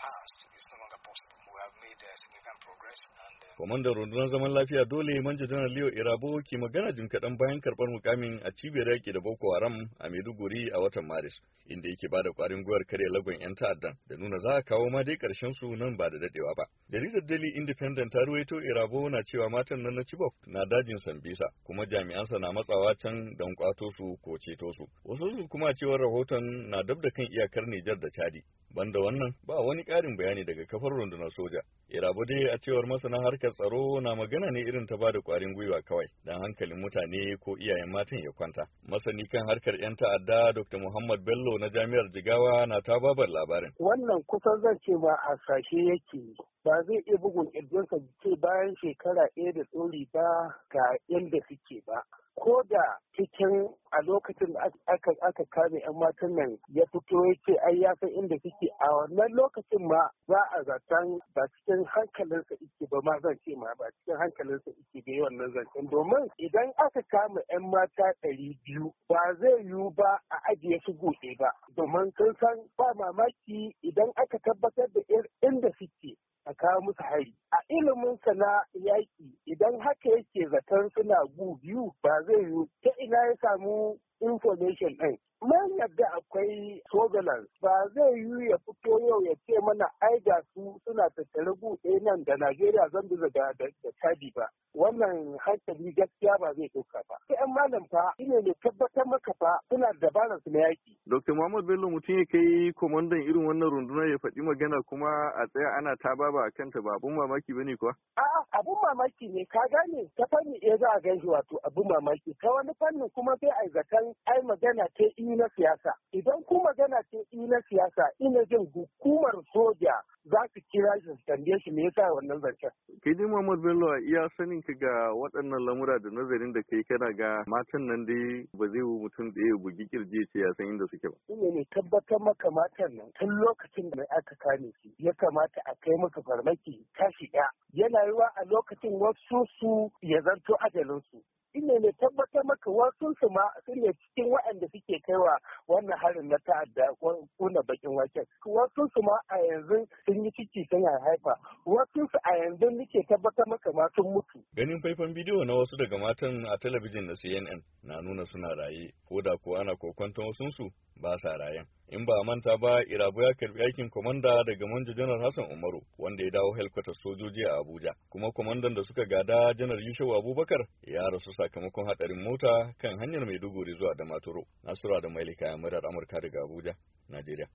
Uh, Kwamandan rundunar zaman lafiya dole manja janar Leo Irabo ke magana jim kaɗan bayan karɓar mukamin a cibiyar yaƙi da Boko Haram a Maiduguri a watan Maris, inda yake bada ƙwarin gwiwar kare lagon 'yan ta'addan da nuna za a kawo ma dai ƙarshen su nan ba da daɗewa ba. Jaridar Daily Independent ta ruwaito Irabo na cewa matan nan na Chibok na dajin Sambisa kuma jami'ansa na matsawa can don ƙwato su ko ceto su. Wasu su kuma cewar rahoton na dab da kan iyakar Nijar da Chadi. Banda wannan ba wani ƙarin bayani daga kafar rundunar soja. Irabu dai a cewar masana harkar tsaro na magana ne irin ta ba da ƙwarin gwiwa kawai don hankalin mutane ko iyayen matan ya kwanta. Masani kan harkar 'yan ta'adda Dr. Muhammad Bello na Jami'ar Jigawa na ta babar labarin. Wannan kusan zan ce ba a sashe yake ba zai iya bugun ƙirjinsa ce bayan shekara ɗaya da tsori ba ga yadda suke ba. ko da cikin a lokacin da aka kame 'yan matan nan ya fito ya ce ai ya san inda suke a wannan lokacin ma za a zaton ba cikin hankalinsa ike ba ma zan ce ma ba cikin hankalinsa ike da wannan zancen domin idan aka kama 'yan mata ɗari biyu ba zai yiwu ba a ajiye su buɗe ba domin sun san ba mamaki idan aka tabbatar da inda suke kawo musu hari. A iliminsa na yaƙi idan haka yake zaton suna gu biyu ba zai yiwu ta ina ya samu information ɗin. Mun yadda akwai surveillance ba zai yi ya fito yau ya ce mana ai da su suna tattare buɗe nan da Najeriya zan da da Chadi ba. Wannan hankali gaskiya ba zai ɗauka ba. Sai 'yan malam fa ina ne tabbatar maka fa suna dabarar su na yaƙi. Dr. Muhammad Bello mutum ya kai komandan irin wannan rundunar ya faɗi magana kuma a tsaya ana ta ba a kanta ba abun mamaki ba ne kuwa. A'a abun mamaki ne ka gane ta fanni ya za a gan wato abun mamaki ta wani fannin kuma sai a zaton ai magana ta yi na siyasa idan ku magana ce yi na siyasa ina jin hukumar soja za su kira shi su tambaye shi me yasa wannan zancen. Kidi Muhammad Bello iya sanin ka ga waɗannan lamura da nazarin da kai kana ga matan nan dai ba zai wu mutum da ya bugi kirji ce ya san inda suke ba. Ina ne tabbatar maka matan nan tun lokacin da mai aka kame shi ya kamata a kai maka farmaki kashi ɗaya. Yana yiwa a lokacin wasu su ya zanto ajalinsu. shine ne tabbatar maka wasu su ma ne cikin waɗanda suke kaiwa wannan harin na ta'adda kuna bakin waken wasu su ma a yanzu sun yi ciki sun haifa wasu su a yanzu nake tabbatar maka ma sun mutu ganin faifan bidiyo na wasu daga matan a talabijin na CNN na nuna suna raye ko da ko ana wasu wasunsu ba sa rayen in ba a manta ba irabu ya karbi aikin kwamanda daga manjo janar hassan umaru wanda ya dawo helkwatar sojoji a abuja kuma kwamandan da suka gada janar yusuf abubakar ya rasu sakamakon hadarin mota kan hanyar maiduguri zuwa da maturo nasura da mailika ya murar amurka daga abuja najeriya